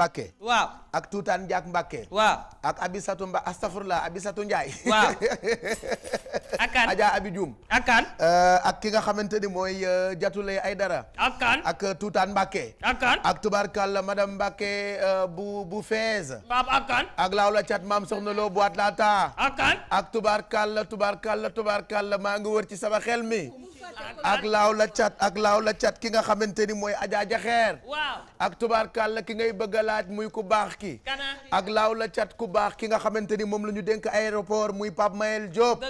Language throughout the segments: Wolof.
Mbacke. waaw ak Tuutaan Njaak Mbacke. waaw ak Abisatu Mba astafurla Abisatu Njaay. waaw ak Abi Dioum. ak euh, ak ki nga xamante ni mooy euh, Jatulay Aydara. ak kan ak euh, Tuutaan Mbacke. ak kan ak tubaarkàlla madame Mbacke bu bu Fees. ak kan ak Lawla Cat maam Soxna Lo bu Atlanta. ak kan ak maa ngi wër ci sama xel mi. ak laaw la cat ak laaw la cat ki nga xamante ni mooy Adja Jaxeer waaw ak tubaarkàlla ki ngay bëgg a laaj muy ku baax ki ak laaw la cat ku baax ki nga xamante ni moom la ñu dénk aéroport muy Pape Mayel Diop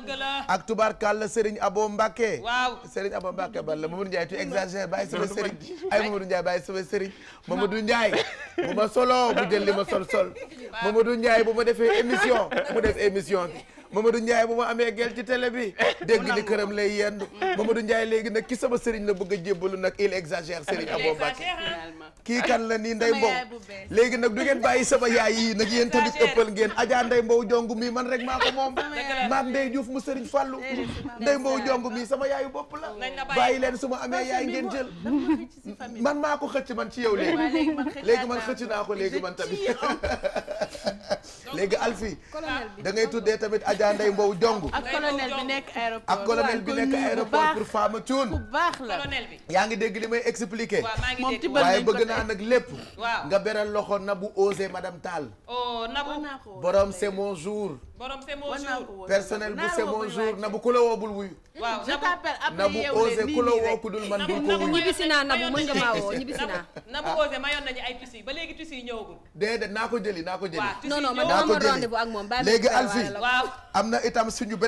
ak tubaarkàlla Serigne Abo Mbacke waaw Serigne Abo Mbacke bal la Mamadou Ndiaye tu exagère bàyyi sama Serigne ay Mamadou Ndiaye bàyyi sama Serigne Mamadou Ndiaye bu ma solo mu jël li ma sol sol du Ndiaye bu ma defee émission mu def émission bi Mamadou Ndiaye bu ma amee gel ci télé bi eh, dégg ni këram lay yendu mm. Mamadou Ndiaye léegi nag ki sama sëriñ la bëgg a jébbalu nag il exagère sëriñ Abo Mbacke kii kan la nii Ndeye Mbow léegi nag du ngeen bàyyi sama yaay yi nag yéen tamit ëppal ngeen Adja Ndeye Mbow jongu mii man rek maa ko moom maam Ndeye Diouf mu sëriñ Fàllu Ndeye Mbow jongu mii sama yaayu bopp la bàyyi leen su ma amee yaay ngeen jël man maa ko xëcc man ci yow léegi léegi man xëcc naa léegi man tamit léegi Alfi da ngay tuddee Seyda Ndeye Mbow Jong ak colonel bi nekk aéroport ak colonel bi nekk aéroport pour Fama Thioune bu baax la colonel bi yaa ngi dégg li may expliquer waaye bëgg naa nag lépp nga beral loxo Nabou Osé madame Tall oh Nabou borom se mon jour borom c'est mon jour personnel bu c'est mon na bu ku bul wuyu. waaw je t'appelle après yow de nii nii rek na bu na naa na bu mën nga maa woo ñibbisi naa. na bu osé ah. mayoon nañu ay tissus ba léegi tissus yi ñëwagul. déedéet naa ko jëli naa ko jëli. waaw tissus yi naa ko jëli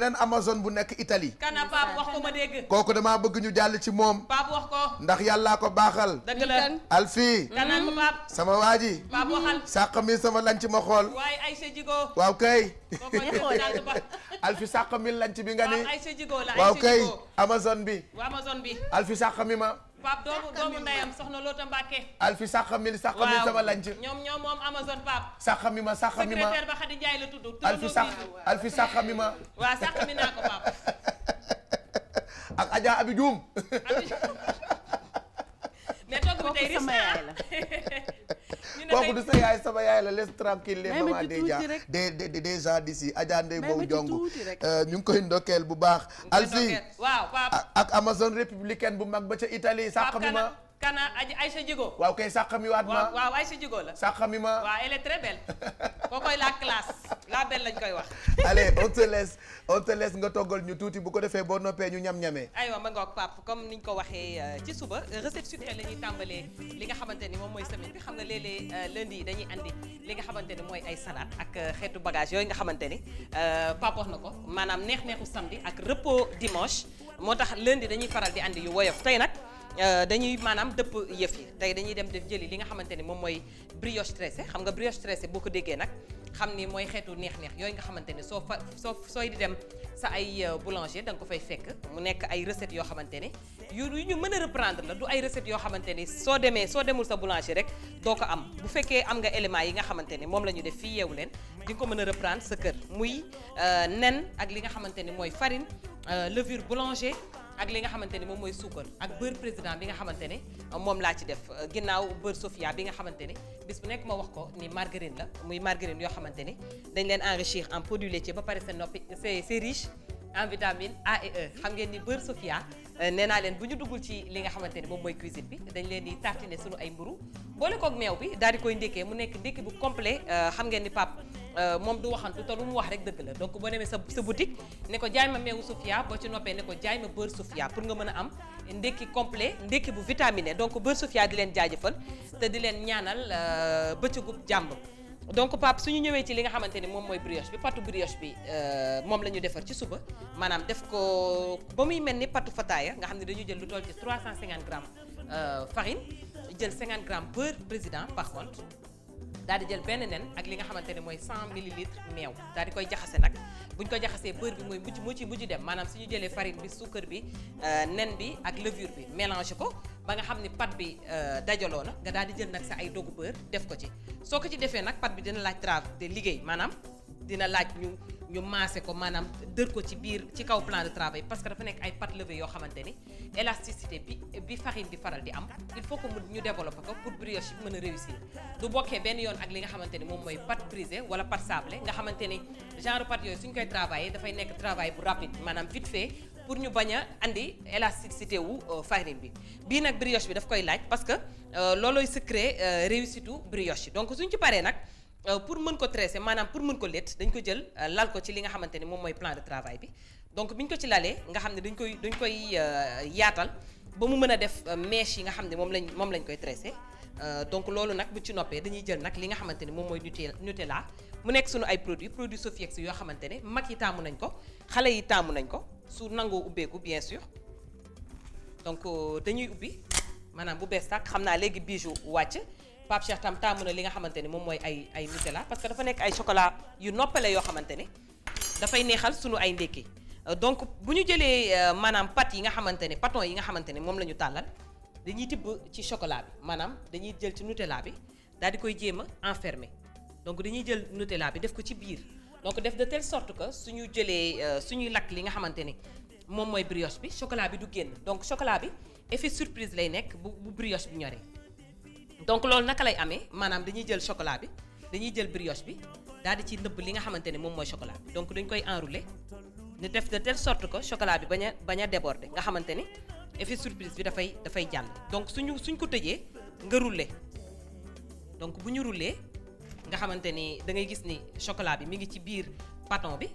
ak moom bu nekk Italie. kana Pape wax ko ma dégg. kooku damaa bëgg ñu jàll ci moom. Pape wax ko. ndax yàllaa ko baaxal. dëgg la Alfi. kana ko mm-hmm. Pape. sama waa ji. Pape waxal. sàq mi sama lan ci ma xool. waaye Aïcha Jigo. waaw kay alfi sàq mi lañ ci bi nga ni waaw kay amazon bi amazon bi alfi sàq mi ma pap doomu doomu ndeyam soxna Loota Mbàkke alfi sàq mi sàq mi sama lanc ñoom ñoom moom amazon pap sàq mi ma sàq mi ma secrétaire ba Xadi Njaay la tudd alfi sàq alfi sàq mi ma waaw sàq mi naa ko pap ak Adja Abi Dioum mais toog bi tey riche la kooku du sa yaay sama yaay la laisse tranquille les mamans déjà des des des gens d'ici Adja Ndeye Mbow Jong euh, ñu ngi koy ndokkeel bu baax Alfi waaw ak Amazon républicaine bu mag ba ca Italie sàq bi ma Kana Aïcha Djigo. waaw kay sàqami waat ma waaw waaw Aïcha Djigo la. sàqami ma waaw elle est très belle. kookoy la classe la belle lañ koy wax. allez on te laisse nga toggal ñu tuuti bu ko defee boo noppee ñu ñam-ñamee. aywa ma ngoog Pape comme ñu ko waxee euh, ci suba recette sucrée la ñuy tàmbalee li nga xamante ni moom mooy semaine bi xam nga léeg-léeg euh, lundi yi dañuy andi li nga xamante ni mooy ay salade ak euh, xeetu bagage yooyu nga xamante ni Pape wax na ko maanaam neex-neexu samedi ak repos dimanche moo tax lundi dañuy faral di andi yu woyof tey nag Euh, dañuy maanaam dëpp yëf yi tey dañuy dem def jëli li nga xamante ni moom mooy brioche tressée xam nga brioche tressée boo ko déggee nag xam ni mooy xeetu neex-neex yooyu nga xamante ni soo fa soo sooy di dem sa ay euh, boulanger da nga ko fay fekk mu nekk ay recettes yoo xamante ni yu ñu mën a reprendre la du ay recettes yoo xamante ni soo demee soo demul sa boulanger rek doo ko am bu fekkee am nga éléments yi nga xamante ni moom la ñu def fii yeewu leen di nga ko mën a reprendre sa kër muy euh, nen ak li nga xamante ni mooy farine levure boulanger ak li nga xamante ne moom mooy suukar ak beurre président bi nga xamante ne euh, moom laa ci def euh, ginnaaw beurre Sofia bi nga xamante bis bu nekk ma wax ko ni margarine la muy margarine yoo xamante ne dañ leen enrichir en produit laitier ba pare seen noppi c'est c'est riche en vitamine A et E xam ngeen ni beurre Sofia euh, nee naa leen bu ñu duggul ci li nga xamante ne moom mooy cuisine bi dañ leen di tartiner sunu ay mburu boole koog meew bi daal di koy ndékkee mu nekk ndékki bu complet xam ngeen Euh, moom du waxantu te lu mu wax rek dëgg la donc boo demee sa sa boutique ne ko jaay ma meewu Sofia boo ci noppee ne ko jaay ma beurre Sofia pour nga mën a am ndékki complet ndékki bu vitaminé donc beurre Sofia di leen jaajafal te di leen ñaanal euh, bëccëgu jàmm. donc Pape su ñu ñëwee ci li nga xamante ni moom mooy brioche bi patu brioche bi euh, moom la ñu defar ci suba maanaam def ko ba muy mel ni patu fataaya nga xam ne dañu jël lu toll ci 350 grammes farine jël 50 grammes beurre président par contre. daal di jël benn nen ak li nga xamante ne mooy 100 millilitres meew daal di koy jaxase nag buñ ko jaxasee beurre bi mooy mujj moo ci mujj dem maanaam suñu jëlee farine bi suukar bi euh, nen bi ak levure bi mélange ko ba nga xam ni pat bi euh, dajaloo na nga daal di jël nag sa ay dogu beurre def ko ci soo ko ci defee nag pat bi dina laaj travail de liggéey maanaam dina laaj ñu ñu maase ko maanaam dër ko ci biir ci kaw plan de travail parce que dafa nekk ay pâte levée yoo xamante ni élasticité bi bi farine di faral di am il faut que mu ñu développé ko pour brioche bi mën a réussir du bokkee benn yoon ak li nga xamante ni moom mooy pâte brisée wala pâte sablée nga xamante ni genre pâte yooyu suñ koy travailler dafay nekk travail bu rapide maanaam vite fait pour ñu bañ a andi élasticité wu euh, farine bi bii nag brioche bi daf koy laaj parce que euh, loolooy secret euh, réussite u brioche yi donc suñ ci paree nag Euh, pour mën ko tresser maanaam pour mën ko létt dañ ko jël euh, lal ko ci li nga xamante ni moom mooy plan de travail bi donc biñ ko ci lalee nga xam ne dañ koy dañ koy euh, yaatal ba mu mën a def mèche yi nga xam ne moom lañ moom lañ koy tresser donc loolu nag bu ci noppee dañuy jël nag li nga xamante ni moom mooy Nutella mu nekk suñu ay produits produits Sofiex yoo xamante ne mag yi taamu nañ ko xale yi taamu nañ ko su nangoo ubbeeku bien sûr donc dañuy ubbi maanaam bu bees tàkk xam naa léegi bijou wàcc Pape Cheikh tam taamu na li nga xamante ne moom mooy ay ay Nutella que dafa nekk ay chocolat yu noppale yoo xamante ne dafay neexal sunu ay ndékki euh, donc bu ñu jëlee euh, maanaam pat yi nga xamante ne patons yi nga xamante ne moom la ñu tàllal dañuy tibb ci chocolat maanaam dañuy jël ci Nutella bi daal di koy jéem a enfermer donc dañuy jël Nutella bi def ko ci biir donc def de telle sorte que suñu jëlee euh, suñuy lakk li nga xamante ne moom mooy brioche bi chocolat bi du génn donc chocolat bi effet surprise lay nekk bu bu brioche bi ñoree. donc loolu naka lay amee maanaam dañuy jël chocolat bi dañuy jël brioche bi daal di ci nëbb li nga xamante ne moom mooy chocolat bi donc dañ koy enrouler ñu def de telle sorte que chocolat bi bañ a bañ a nga xamante ne effet surprise bi dafay dafay jàll. donc suñu suñ ko tëjee nga rouler donc bu ñu rouler nga xamante ni da ngay gis ni chocolat bi mi ngi ci biir paton bi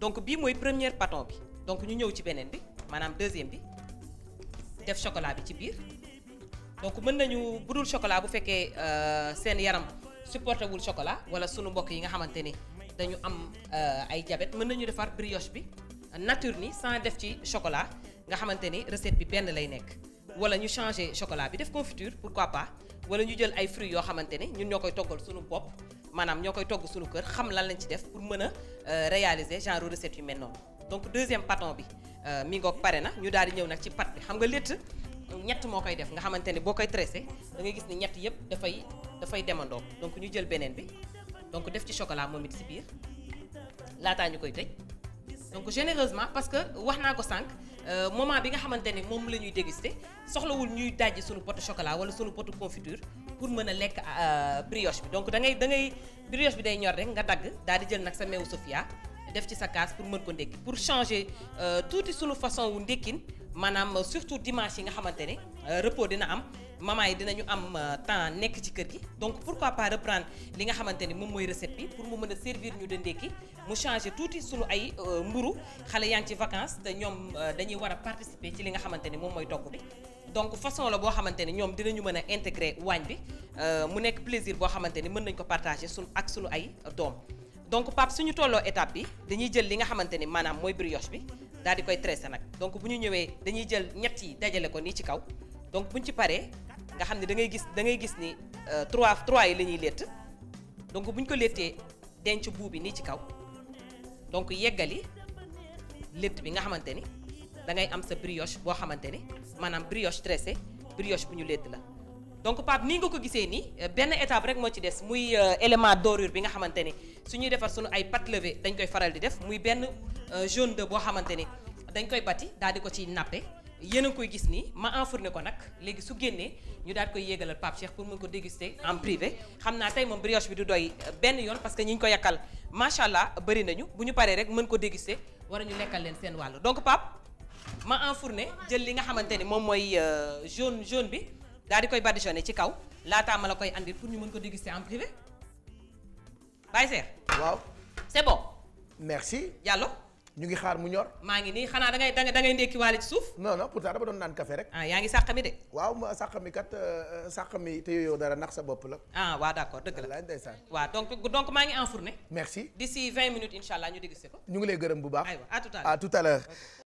donc bii mooy première paton bi donc ñu ñëw ci beneen bi maanaam deuxième bi def chocolat bi ci biir. donc mën nañu bu dul chocolat bu fekkee euh, seen yaram supporté wul chocolat wala sunu mbokk yi nga xamante ni dañu am euh, ay diabète mën nañu defar brioche bi nature ni sans def ci chocolat nga xamante ni recette bi benn lay nekk wala ñu changer chocolat bi def confiture pourquoi pa wala ñu jël ay fruits yoo xamante ni ñun ñoo koy toggal sunu bopp maanaam ñoo koy togg sunu kër xam lan lañ ci def pour mën a euh, réaliser genre recette yu mel noonu donc deuxième paton bi mi ngoog pare na ñu daal di ñëw nag ci pat bi xam nga létt ñett moo koy def nga xamante ne boo koy tressé dangay gis ni ñett yëpp dafay dafay demandoo donc ñu jël beneen bi donc def ci chocolat moom it si biir laataa ñu koy tëj donc généreusement parce que wax naa ko sànq euh, moment bi nga xamante ne moom la ñuy déguster soxlawul ñuy dajji sunu potu chocolat wala suñu potu confiture pour mën a lekk euh, brioche bi donc da ngay da ngay brioche bi day ñor rek nga dagg daal di jël nag sa meew Sofia def ci sa kaas pour mën ko ndékki pour changer euh, tuuti suñu façon ndékkin maanaam surtout dimanche yi nga xamante ne euh, repos dina am maman yi dinañu am euh, temps nekk ci kër gi donc pourquoi pas reprendre li nga xamante ni moom mooy recette pour mu mën a servir ñu de ndékki mu changer tuuti sunu ay euh, mburu xale yaa ngi ci vacances te dañuy war a participer ci li nga xamante ni moom mooy togg bi donc façon la boo xamante ni ñoom dinañu mën a intégrer waañ bi mu nekk plaisir boo xamante ni mën nañ ko partager sunu ak sunu ay doom donc Pape suñu tolloo étape bi dañuy jël li nga xamante ni maanaam mooy brioche bi daal di koy tressé nag donc bu ñu ñëwee dañuy jël ñett yi dajale ko nii ci kaw donc bu ñu ci paree nga xam ne da ngay gis da ngay gis ni euh, trois trois yi la ñuy létt donc buñ ko léttee denc buu bi nii ci kaw donc yeggali létt bi nga xamante ni da ngay am sa brioche boo xamante ni maanaam brioche tressé brioche bu ñu létt la donc Pape nii nga ko gisee nii euh, benn étape rek moo ci des muy euh, élément dorure bi nga xamante ni su ñuy defar sunu ay pâte levée dañ koy faral di def muy benn euh, jaune de boo xamante ni dañ koy bati daal di ko ci nappe yéen a koy gis nii ma enfourné ko nag léegi su génnee ñu daal koy yéegalal Pape Cheikh pour mun ko déguster en privé xam naa tey moom brioche bi du doy euh, benn yoon parce que ñi ñu ko yakkal macha allah bëri nañu bu ñu paree rek mën ko déguster war ñu lekkal leen seen wàll donc Pape ma enfourné jël li nga xamante ni moom mooy euh, jaune jaune bi daal di koy badigeonné ci kaw laataa ma la koy andil pour ñu mën ko déguster en privé. Baye Seer. waaw c'est bon. merci Diallo. ñu ngi xaar mu ñor. maa ngi nii xanaa da ngay da ngay ndékkiwaale ci suuf. non non pourtant dama doon naan café rek. ah yaa ngi sàq mi de. waaw ma mi kat euh, sàq mi te yooyu dara nax sa bopp la. ah waaw d'accord dëgg la ndeysaan. waaw donc maa ngi enfourné. merci d'ici 20 minutes incha ñu dégg si ñu ngi lay gërëm bu baax. aywa tout à l'heure